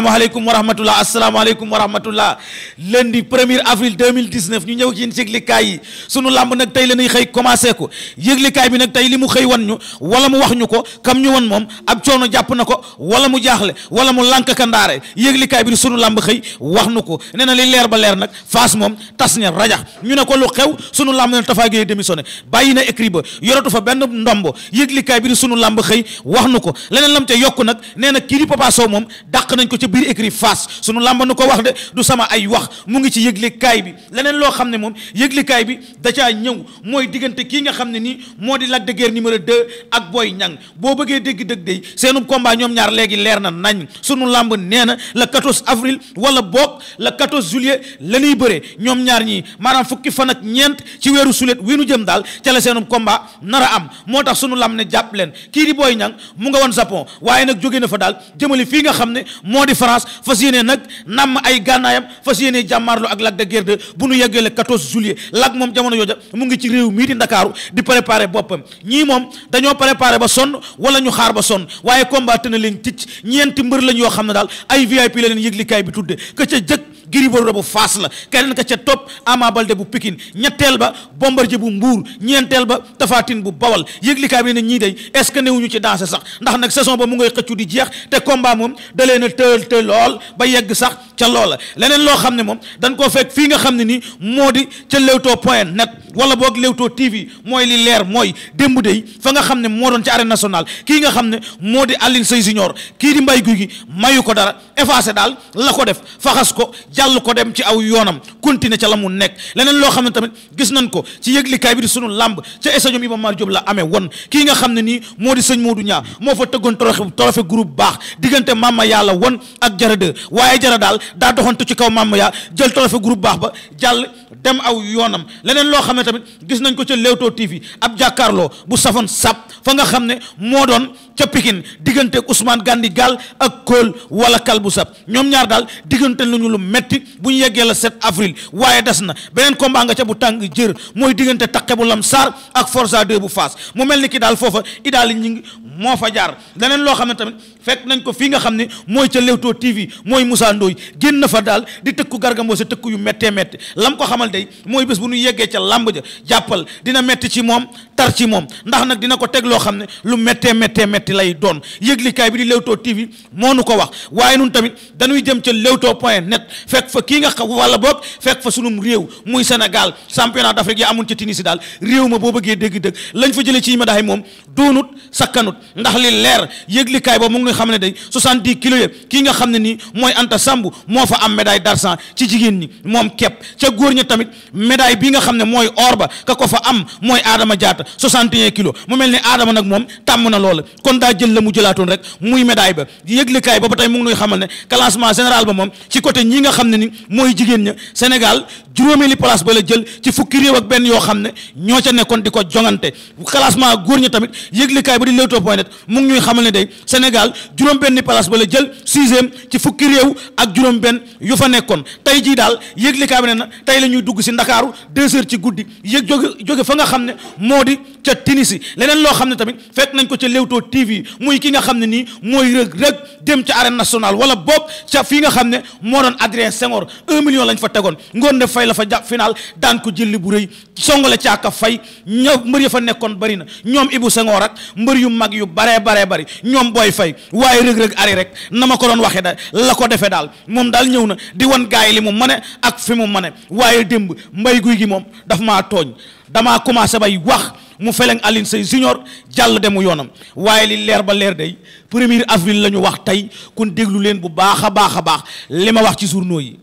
asalaamaaleykum wa rahmatullah asalaamaaleykum wa rahmatullah lundi 1er avril 2019 ñu ñëw ci yéen yëglikaay yi sunu làmb nag tey la ñuy xëy commencé ko yëglikaay bi nag tey li mu xëy wan ñu wala mu wax ñu ko kam ñu wan moom coono jàpp na ko wala mu jaaxle wala mu lànk kandaare yëglikaay bi di sunu làmb xëy wax nu ko nee na li leer ba leer nag faas moom tas ña rajax ñu ne ko lu xew sunu làmb ne Tapha Gueye démissionné bàyyi na écrit ba yoratu fa benn ndombo kaay bi di sunu làmb xëy wax nu ko leneen lam ca yokk nag nee na kii di Papa Sow moom dàq nañ ko ci biir écrit face sunu làmba nu ko wax de du sama ay wax mu ngi ci kaay bi leneen loo xam ne moom yëglekaay bi da caa ñëw mooy diggante kii nga xam ne nii moo di Lac de Guiers numéro 2 ak Boy Niang boo bëggee dégg dëgg day seenu combat ñoom ñaar léegi leer na nañ sunu làmb nee na le 14 avril wala boog la 14 juillet la ñuy bëree ñoom ñaar ñii maanaam fukki fan ak ñeent ci weeru sulet wi nu jëm daal ca la seenu combat nar a am moo tax sunu làmb ne jàpp leen kii di Boy mu nga woon Japon waaye nag jóge na fa daal France fas yéene nag namm ay gànnaayam fas yéene jàmmaarlu ak Lac de Guiers 2 bu nu yeggee le 14 juillet Lac moom jamono jooja mu ngi ci réew mii di Ndakaaru di préparer boppam ñii moom dañoo préparer ba sonn wala ñu xaar ba sonn waaye combattre na leen ticc ñeenti mbër lañ yoo xam ne daal ay VIP la leen yëglikaay bi tudde ka jëkk Gris Bordeaux bu Fass la keneen ka ca topp Ama Baldé bu Pikine ñetteel ba Bombardier bu Mbuur ñeenteel ba Tapha Tine bu Bawal yëglikaay bi ne ñii day est ce que newuñu ci dansé sax ndax nag saison ba mu ngay xëccu di jeex te combat moom da leen a tël lool ba yegg sax ca loola leneen loo xam ne moom dañ koo fekk fii nga xam ne nii moo di ca Leewtoo point net wala boog Leewtoo TV mooy li leer mooy démb day fa nga xam ne moo doon ca arène national kii nga xam ne moo di Alioune Sèye Junior kii di mbay guy gi mayu ko dara daal jàll ko dem ci aw yoonam continuer ca la mu nekk leneen loo xam ne tamit gis nañ ko ci yëglikaay bi di sunu làmb ca stadium Iba Mar Diop la amee woon kii nga xam ne nii moo di sëñ Modou Niang moo fa tëggoon trophée trophée groupe baax diggante Mama Yalla won ak Jara 2 waaye Jara daal daa doxantu ci kaw Mama yaa jël trophée groupe baax ba jàll dem aw yoonam leneen loo xam ne tamit gis nañ ko ca Leewtoo TV ab jàkkaarloo bu safoon sab fa nga xam ne moo doon ca Pikine diggante Ousmane Gandi Gall ak Kool wala Kal bu sab ñoom ñaar daal diggante lu ñu lu metti bu ñu yeggee la 7 avril waaye des na beneen combat nga ca bu tàng jër mooy diggante taqe bu lam saar ak forsa 2 bu Faas mu mel ni kii daal foofa idaali ñi ngi moo fa jaar leneen loo xam ne tamit fekk nañ ko fii nga xam ne mooy ca Leewtoo TV mooy Moussa Ndoye na fa daal di tëkku gargamboose tëkku yu méttee métte lam ko xam xamal day mooy bés bu ñu yeggee ca làmb ja jàppal dina metti ci moom tar ci moom ndax nag dina ko teg loo xam ne lu méttee méttee métti lay doon yëglikaay bi di Leewtoo TV moo nu ko wax waaye nun tamit danuy jëm ca Leewtoo point net fekk fa kii nga xam wala boog fekk fa sunum réew muy Sénégal championnat d'Afrique yi amun ca Tunisie daal réew ma boo bëggee dégg-dëgg lañ fa jëlee ci madaay moom doonut sakkanut ndax li leer yëglikaay boobu mu ngi xam ne day 70 kilos kii nga xam ne nii mooy Anta Samb moo fa am médaille d'argent ci jigéen ñi tamit médaille bi nga xam ne mooy or ba ka ko fa am mooy Adama Diatta 61 kilos mu mel ne Adama nag moom tàmm na loola kon daa jël la mu jëlaatoon rek muy médaille ba yëglikaay ba ba tey mu ngi nuy xamal ne classement général ba ni la jël ci fukki réew ak benn yoo xam ne ñoo ca nekkoon di ko jongante classement góor ña tamit yëglikaay ba di Leewtoo point net mu ngi ñuy xamal ne day Sénégal juróom benn place ba la jël sixième ci fukki réew ak juróom benn yu fa nekkoon tey jii daal yëglikaay bi ne na tey ñuy dugg si ndakaaru deux heures ci guddi yëg jóge fa nga xam ne moo di ca Tunisie leneen loo xam ne tamit fekk nañ ko ca Leewtoo TV muy ki nga xam ne nii mooy rëg rëg dem ca arène national wala boog ca fii nga xam ne moo doon Adrien Senghor un million lañ fa tegoon ngoon ne fay la fa jàpp final daan ko jëlli bu rëy songale caaka fay ña mbër ya fa nekkoon bëri na ñoom ibu Senghor ak mbër yu mag yu baree baree bëri ñoom booy fay waaye rëg rëg ari rek na ma ko doon waxee da la ko defee daal moom daal ñëw na di wan gaay li mu mane ak fi démb mbay guy gi moom dafa ma tooñ damaa commencé bay wax mu feleng alin Seye junior jàll demu yoonam waaye li leer ba leer day premier avril la ñu wax tey kon déglu leen bu baax a baax a baax li ma wax ci journaux yi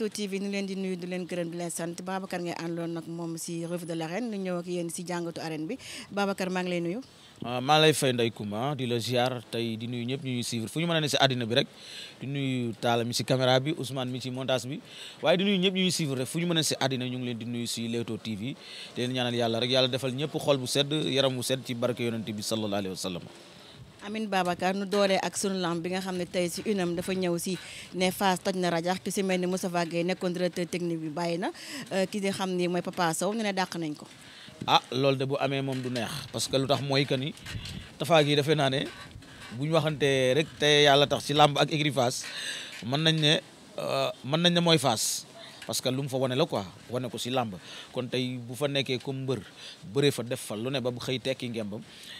Leewtoo TV ñu leen di nuyu di leen gërëm di leen sant Babacar ngay àndoon nag moom si revue de l'arène ñu ñëw ak yéen si jàngatu arène bi Babacar maa ngi lay nuyu. Ah, maa lay fay Ndeye Coumba di la ziar tey di nuyu ñëpp ñu ñuy suivre fu ñu mën a ne si àddina bi rek di nuyu Talla mi bi Ousmane mi si montage bi waaye di nuyu ñu fu ñu mën a si àddina ñu ngi leen di nuyu si Leewtoo TV di ñaanal yàlla rek yàlla defal ñëpp xool bu sedd yaram bu sedd ci barke yonent bi sallallahu alayhi amin Babacar nu dooree ak sunu lamb bi nga xam ne tey si UNAM dafa ñëw si ne Fass toj na rajax ki si mel ni Moustapha Gueye nekkoon directeur technique bi bàyyi na euh, ki nga xam ni mooy Papa Sow ñu ne dàq nañ ko. ah loolu de bu amee moom du neex parce que lu tax mooy que ni tafaag yi defe naa ne bu ñu waxantee rek te yàlla tax si lamb ak écurie Fass mën nañ ne euh, mën nañ ne mooy Fass. parce que lu mu fa wane la quoi wane ko si làmb kon tey bu fa nekkee comme mbër bëree fa def fa lu ne ba bu xëy tekki ngembam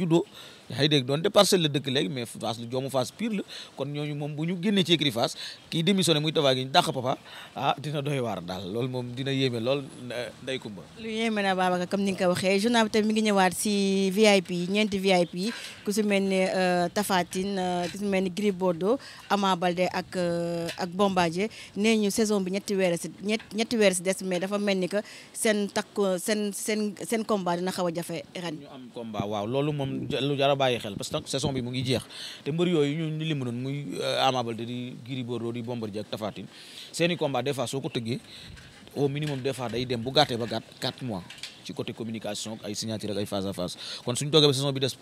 juddoo yaa ngi dégg doon de parcelle la dëkk léegi mais Fass lu joomu Fass pire la kon ñooñu moom bu ñu génnee ci écurie Fass kii démissionné muy Tapha Gueye papa ah dina doy waar daal loolu moom dina yéeme lool Ndeye Comba lu yéeme na Babacar comme ni nga waxee journal bi tamit mi ngi ñëwaat si ni euh, Tapha Tine euh, ku si mel ni Gris Bordeaux Ama Baldé ak euh, ak nee ñu saison bi ñetti weer si ñetti weer si des mais dafa mel ni que seen takk seen seen seen combat dina a jafe ren ñu am combat waaw loolu moom tam a bàyyi xel parce que nag saison bi mu ngi jeex te mbër yooyu ñu ñu lim muy euh, Ama Baldé di Gris Bordeaux di Bombardier ak Tapha Tine seen i soo ko tëggee au minimum des fois day dem bu gàttee ba gàtt 4 mois ci côté communication ak ay signature ak ay face à face kon suñu toogee ba saison bi des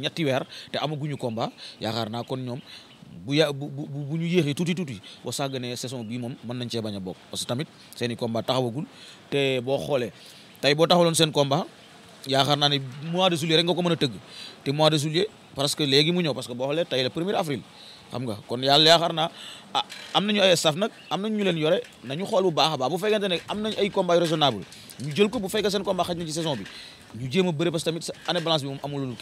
ñetti weer te amaguñu combat yaakaar naa kon ñoom bu bu ñu yéexee tuuti tuuti boo sàgganee saison bii moom mën nañ cee bañ a tamit seen i combat yaakaar naa ne mois de juillet rek nga ko mën a tëgg te mois de juillet parce que léegi mu ñëw parce que boo xoolee tey la premier avril xam nga kon yàlla yaakaar naa ah am nañu ay staff nag am nañ ñu leen yore na nañu xool bu baax a baax bu fekkente ne am nañ ay combat raisonnable ñu jël ko bu fekkee seen combat xaj na ci saison bi ñu jéem a bëri parce que tamit année balance bi moom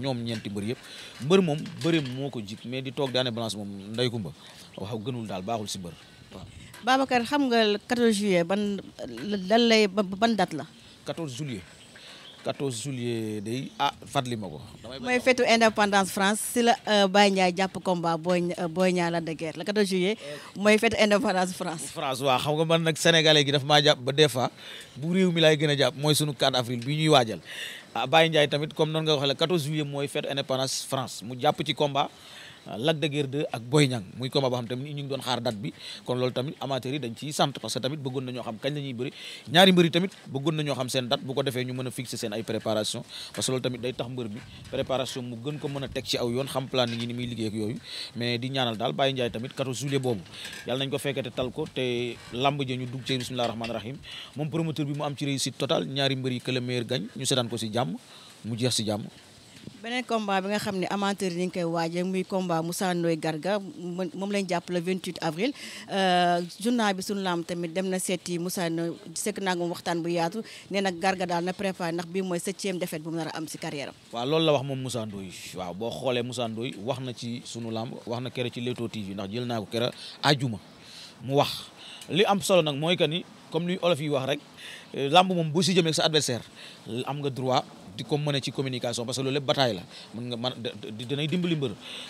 ñoom ñeenti mbër yëpp mbër moom bëri moo ko jik mais di toog di année balance moom ndey kumba waaw gënul daal si mbër waaw Babacar xam nga 14 ban lan lay ban date 14 juillet day ah fàttali ma ko. mooy fetu indépendance France si la euh, Baye Ndiaye jàpp combat booy euh, booy ñaar la de guerre le 14 juillet euh, mooy fetu indépendance France. France waaw xam nga man nag sénégalais gi daf maa jàpp ba des fois bu réew mi laay gën a jàpp mooy sunu 4 avril bi ñuy waajal ah Baye Ndiaye tamit comme noonu nga waxee le 14 mooy fetu indépendance France mu jàpp ci komba Lac de Guiers 2 ak Boy Niang muy combat boo xam tamit ñu ngi doon xaar date bi kon loolu tamit amateurs yi dañ ciy sant parce que tamit bëggoon nañoo xam kañ la ñuy bëri ñaari mbër yi tamit bëggoon nañoo xam seen date bu ko defee ñu mën a fixer seen ay préparation parce que loolu tamit day tax mbër bi préparation mu gën ko mën a teg ci aw yoon xam planning yi ni muy liggéey yooyu mais di ñaanal daal Baye Ndiaye tamit 14 juillet boobu yàlla nañ ko fekkete tal ko te lamb ja ñu beneen combat bi nga xam ne amateur yi ñu koy waajee muy combat Moussa Ndoye Garga moom lañ jàpp le 28 avril euh, journal bi suñu laam tamit dem na seeti Moussa Ndoye sekk naa moom waxtaan bu yaatu nee na Garga daal na préparé ndax bi mooy septième défaite bu mu nar a am si carrière waa waaw loolu la wax moom Moussa Ndoye waaw boo xoolee Moussa Ndoye wax na ci sunu laam wax na kere ci Leewtoo TV ndax jël naa ko kere ajuma mu wax li am solo nag mooy que ni comme li olof yi wax rek euh, lamb moom bu si jëmee sa adversaire am nga droit di ko mën a ci communication parce que loolu lépp bataille la mën nga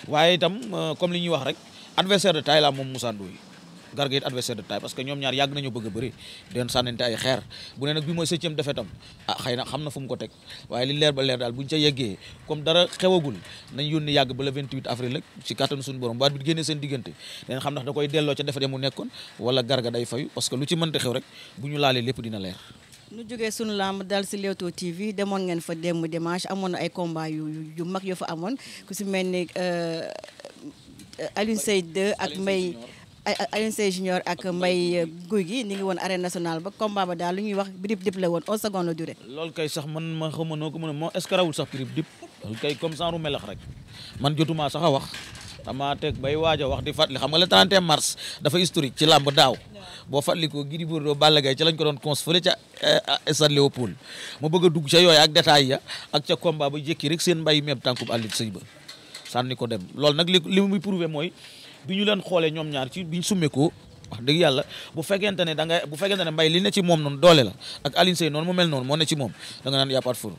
waaye itam euh, comme li ñuy wax rek adversaire de taille la moom Moussa Ndoye Garga it adversaire de taille parce que ñoom ñaar yàgg nañu ah, ba leer daal buñ avril rek ci kàttanu suñu borom baat bi seen diggante dañ xam ndax koy delloo ca defe mu nekkoon wala Garga day fayu parce que lu ci mënta xew rek bu ñu laalee lépp dina leer nu jóge sunu làmb dal si Leewtoo TV demoon ngeen fa démb dimanche amoon na ay combat yu yu mag yoo fa amoon ku si mel ni euh, Alioune Seye 2 ak Mbaye Alioune Seye Junior ak Mbaye Guy gi ni ngi woon arène nationale ba combat ba daal lu ñuy wax birib dip la woon 11 secondes la durée. loolu kay sax man ma xaw ma noo ko mën a moo est-ce que rawul sax birib dip kay comme ça ru rek man jotumaa sax a wax damaa teg bay waaja wax di fàttali xam nga le 31 mars dafa historique ci làmb daaw. boo fàttalikoo Gris Bordeaux Balla Gaye ca lañ ko doon cons fële ca eh, stade Léopold mu bëgg a dugg ca yooyu ak détails ya ak ca combat ba jékki rek seen mbay meeb tànkub àllit sëy ba sànni ko dem loolu nag li li muy prouvé mooy bi ñu leen xoolee ñoom ñaar ci biñ summeekoo wax dëgg yàlla bu fekkente ne da nga bu fekkente ne mbay li ne ci moom noon doole la ak Alioune Seye noonu mu mel noon moo ne ci moom danga nga naan yàppaat furu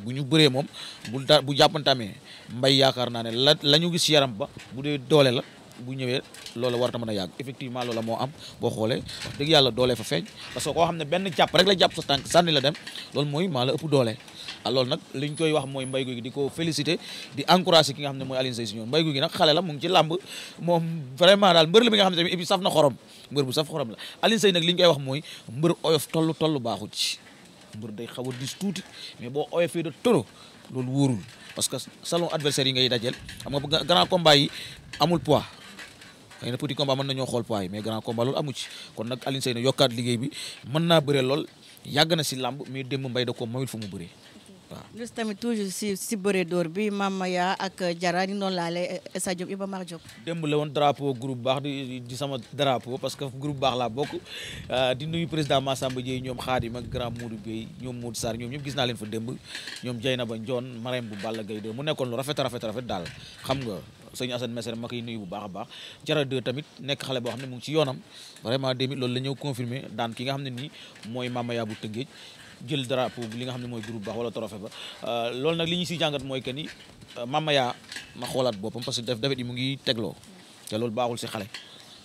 bu ñu bëree moom bu bu jàppantamee mbay yaakaar naa ne la la ñu gis yaram ba bu dee doole la bu ñëwee loola war na mën a yàgg effectivement loola moo am boo xoolee wax dëgg yàlla doolee fa feeñ parce que koo xam ne benn jàpp rek la jàpp sa tànk sànni la dem loolu mooy maa la ëpp doole ah, loolu nag liñ koy wax mooy mbay gi di ko féliciter di encourager ki nga xam ne mooy Alioune Sèye Junior mbay gi nag xale la mu ngi ci làmb moom vraiment daal mbër la bi nga xam saf na xorom mbër bu saf xorom la Alioune nag li ñu koy wax mooy mbër oyof toll toll baaxu ci mbër day xaw a tuuti mais boo oyofee de toro loolu wóorul parce que selon adversaire yi ngay dajeel xam nga grand combat yi amul poids xëy na petit combat mën nañoo xool poids yi mais grand combat loolu amu ci kon naa bëre lool yàgg na si làmb mais démb mbay da ko mayul fu mu bëree waaw plus tamit toujours si si bëre door bi Mamaya ak Jara ni noonu laale Essa eh, Diop Iba Mar Diop démb la woon drapeau groupe baax di di sama drapeau parce que groupe baax laa bokk euh, di nuyu président Massamba Dieye ñoom Khadim ak grand Modou Bey ñoom Modou Sarr ñoom ñëpp gis naa leen fa démb ñoom Dieynaba Ndione Marème bu Balla Gaye mu nekkoon lu rafet rafet rafet daal xam nga sëñ Assane Mesere ma koy nuyu bu baax a baax jara deux tamit nekk xale boo xam ne mu ngi ci yoonam vraiment démit loolu la ñëw confirmé daan ki nga xam ne nii mooy Mamaya bu Tëngéej jël drapeau bi li nga xam ne mooy groupe baax wala trophée ba loolu nag li ñu si jàngat mooy que ni Mamaya na xoolaat boppam parce que def dafet yi mu ngi tegloo te loolu baaxul si xale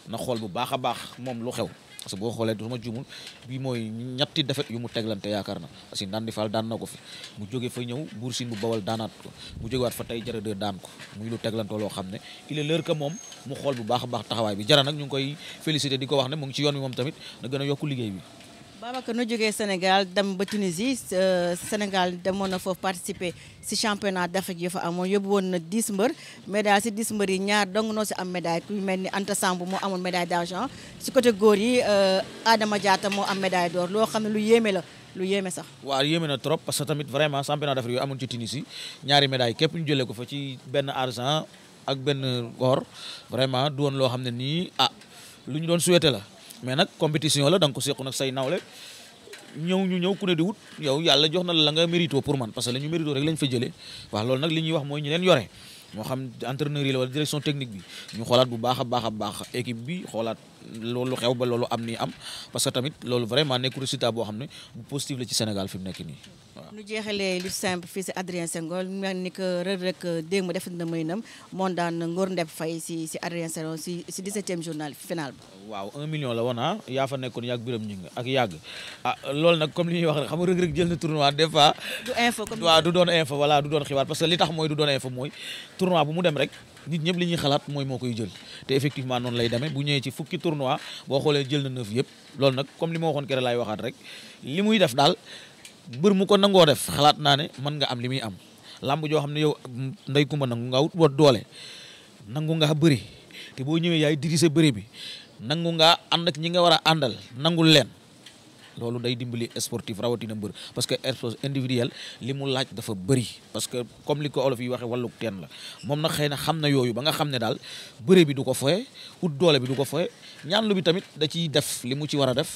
na xool bu baax a baax moom lu xew parce que boo xoolee du ma juumul bi mooy ñetti defet yu mu teglante yaakaar na parce que Ndandi Fall daan na ko fi mu jóge fa ñëw Buur Sine bu Bawal daanaat ko mu jógewaat fa tey jara de daan ko muy lu teglantoo loo xam ne il est moom mu xool bu baax a baax taxawaay bi jara nag ñu ngi koy félicité di ko wax ne mu ngi ci yoon bi moom tamit na gën a yokku liggéey bi Babacar nu jógee Sénégal dem ba Tunisie euh, Sénégal demoon na foofu participer si championnat d'Afrique yi fa amoon yóbbu woon na 10 mbër médaille si 10 mbër yi ñaar dong noo si am médaille ku mel ni Anta Samb moo amoon médaille d'argent si côté góor yi euh, Adama Diatta moo am médaille d'or loo xam ne lu yéeme la lu yéeme sax. waaw yéeme na trop parce que tamit vraiment championnat d'Afrique yooyu amoon ci Tunisie ñaari médaille képp ñu jëlee ko fa ci benn argent ak benn or vraiment du woon loo xam ne nii ah lu ñu doon souhaité la. mais nag compétition la da nga ko seq nag say nawle ñëw ñu ñëw ku ne di wut yow yàlla jox na la la nga mérito pour man parce que la ñu mérito rek lañ fa jëlee waaw loolu nag li ñuy wax mooy ñu leen yore moo xam entraîneur yi la wala direction technique bi ñu xoolaat bu baax a baax a baax équipe bi xoolaat loolu xew ba loolu am ni am parce que tamit loolu vraiment nekk résultat boo xam ne bu positif la ci Sénégal fi mu nekk nii waaw. nu jeexalee lu simple fii si Adrien Senghor mel ni que Reug Reug démb def na muy nam moom daan Ngor Ndeb Faye si si Adrien si si 17e waaw 1 million la woon ah yaa fa nekkoon yàgg biram ñi nga ak yàgg ah loolu nag comme li ñuy wax rek xam nga Reug Reug jël na tournoi des du info waaw du doon info voilà du doon xibaar parce que li tax mooy du doon info mooy tournoi bu mu dem rek. nit ñëpp li ñuy xalaat mooy moo koy jël te effectivement noonu lay demee bu ñëwee ci fukki tournoi boo xoolee jël na neuf yëpp loolu nag comme li ma waxoon kere laay rek li muy def daal mbër mu ko nangoo def xalaat naa ne mën nga am li muy am làmb joo xam ne yow ndey kumba nangu nga wut doole nangu nga bëri te boo ñëwee yaay diri sa bëri bi nangu nga ànd ak ñi nga war a àndal nangul leen loolu day dimbali sportif rawatina mbër parce que sport individuel li mu laaj dafa bëri parce que comme li ko olof yi waxee wàllug teen la moom na xëy na xam na yooyu ba nga xam ne daal bëre bi du ko foye ut doole bi du ko foye ñaan lu bi tamit da ciy def li mu ci war a def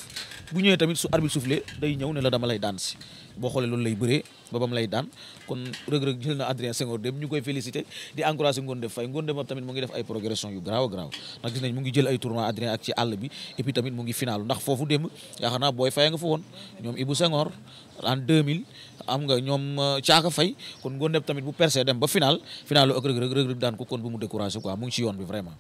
bu ñëwee tamit su arbitre soufflé day ñëw ne la dama lay daan si boo xoolee loolu lay bëree ba bam lay daan kon rëg-rëg jël na Adrien Senghor dem ñu koy félicité di encouragé Ngonde Faye Ngonde moom tamit mu ngi def ay progression yu garaaw garaaw ngi jël ay tournoi Adrien ak ci àll bi et puis tamit mu ngi final ndax foofu dem yaakaar naa booy Faye nga fa woon ñoom Ibou Senghor en 2000 am nga ñoom caaka euh, fay kon Ngonde tamit bu percé dem ba final final lu ak rëg-rëg rëg-rëg daan ko kon bu mu découragé quoi mu ngi ci yoon bi vraiment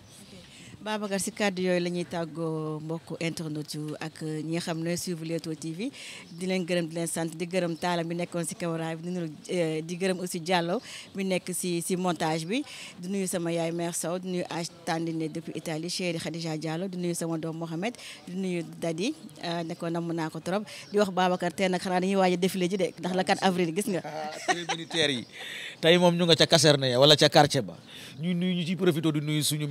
Babacar si kàddu yooyu la ñuy tàggoo mbokk internet yu ak ñi xam ne suivre Leewtoo TV di leen gërëm di leen sant di gërëm taalam bi nekkoon si caméra bi eh, di gërëm aussi Diallo mi nekk si si montage bi di nuyu sama yaay mère Sow di nuyu Aj Tandine depuis Italie chéri Khadija Diallo di nuyu sama doom Mohamed di nuyu Dadi eh, ne ko namm naa ko trop di wax Babacar tey nag xanaa dañuy waaj a défilé ji de ndax la 4 avril gis nga. Ah, tey militaire moom ñu nga ca caserne ya wala ca quartier ba ñu nuyu ñu ciy profité di nuyu suñu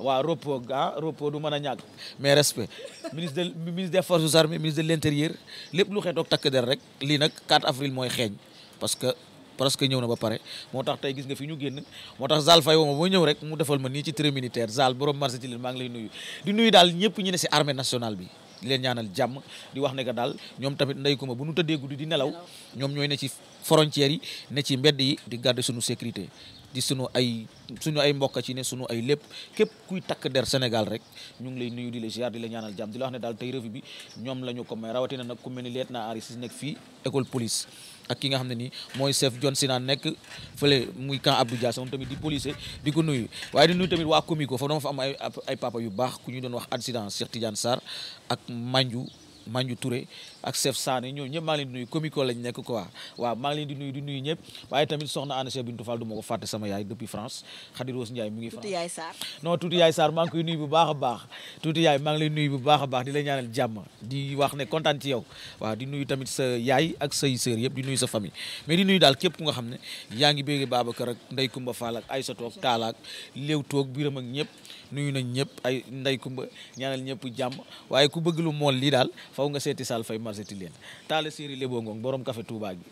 waaw repos ah repos du mën a ñàkk mais respect ministre de ministre des forces armées ministre de l'intérieur lépp lu xeetoog takk der rek lii nag 4 avril mooy xeeñ parce que parce que ñëw na ba pare moo tax tey gis nga fi ñu génn moo tax Zal Faye wooma boo ñëw rek mu defal ma nii ci terrain militaire Zal borom marché ci leen maa ngi lay nuyu di nuyu daal ñëpp ñu ne si armée nationale bi di leen ñaanal jàmm di wax ne que daal ñoom tamit ndey ko ma bu nu tëddee guddi di nelaw ñoom ñooy ne ci frontières yi ne ci mbedd yi di garder suñu sécurité di suñu ay suñu ay mbokk ci ne suñu ay lépp képp kuy takk der Sénégal rek ñu ngi lay nuyu di la ziar di la ñaanal jàmm di la wax ne daal tey revue bi ñoom la ñu ko may rawatina nag ku mel leet naa aari si nekk fii école police ak ki nga xam ne nii mooy chef John Sina nekk fële muy camp Abdou Dia tamit di policier di ko nuyu waaye di nuyu tamit waa comico fa dama fa am ay ay yu baax ku ñu doon wax accident Cheikh Tidiane Sarr ak Mandiou Mandiou Touré ak chef Sane ñoom ñëpp maa ngi leen di nuyu comico lañ waaye tamit soxna Anna Cheikh Bintou Fall du ma ko sama yaay depuis France Khady Rose Ndiaye mu ngi France tuuti yaay yaay Sarr maa ngi koy nuyu bu baax a baax tuuti di la ñaanal jàmm di wax ne kontaan ci yow di nuyu sa yaay ak say sœur yëpp di nuyu sa famille mais di nuyu daal képp ku nga xam ne yaa ngi béggee Babacar ak Ndey Kumba Fall ak Aïssa Toog Taala ak Léew Toog Biram ak ñëpp nuyu nañ ñëpp ay Ndey Kumba ñaanal ñëpp jàmm waaye ku bëgg remercier ti leen Talla Seri Lebo Ngong borom café Touba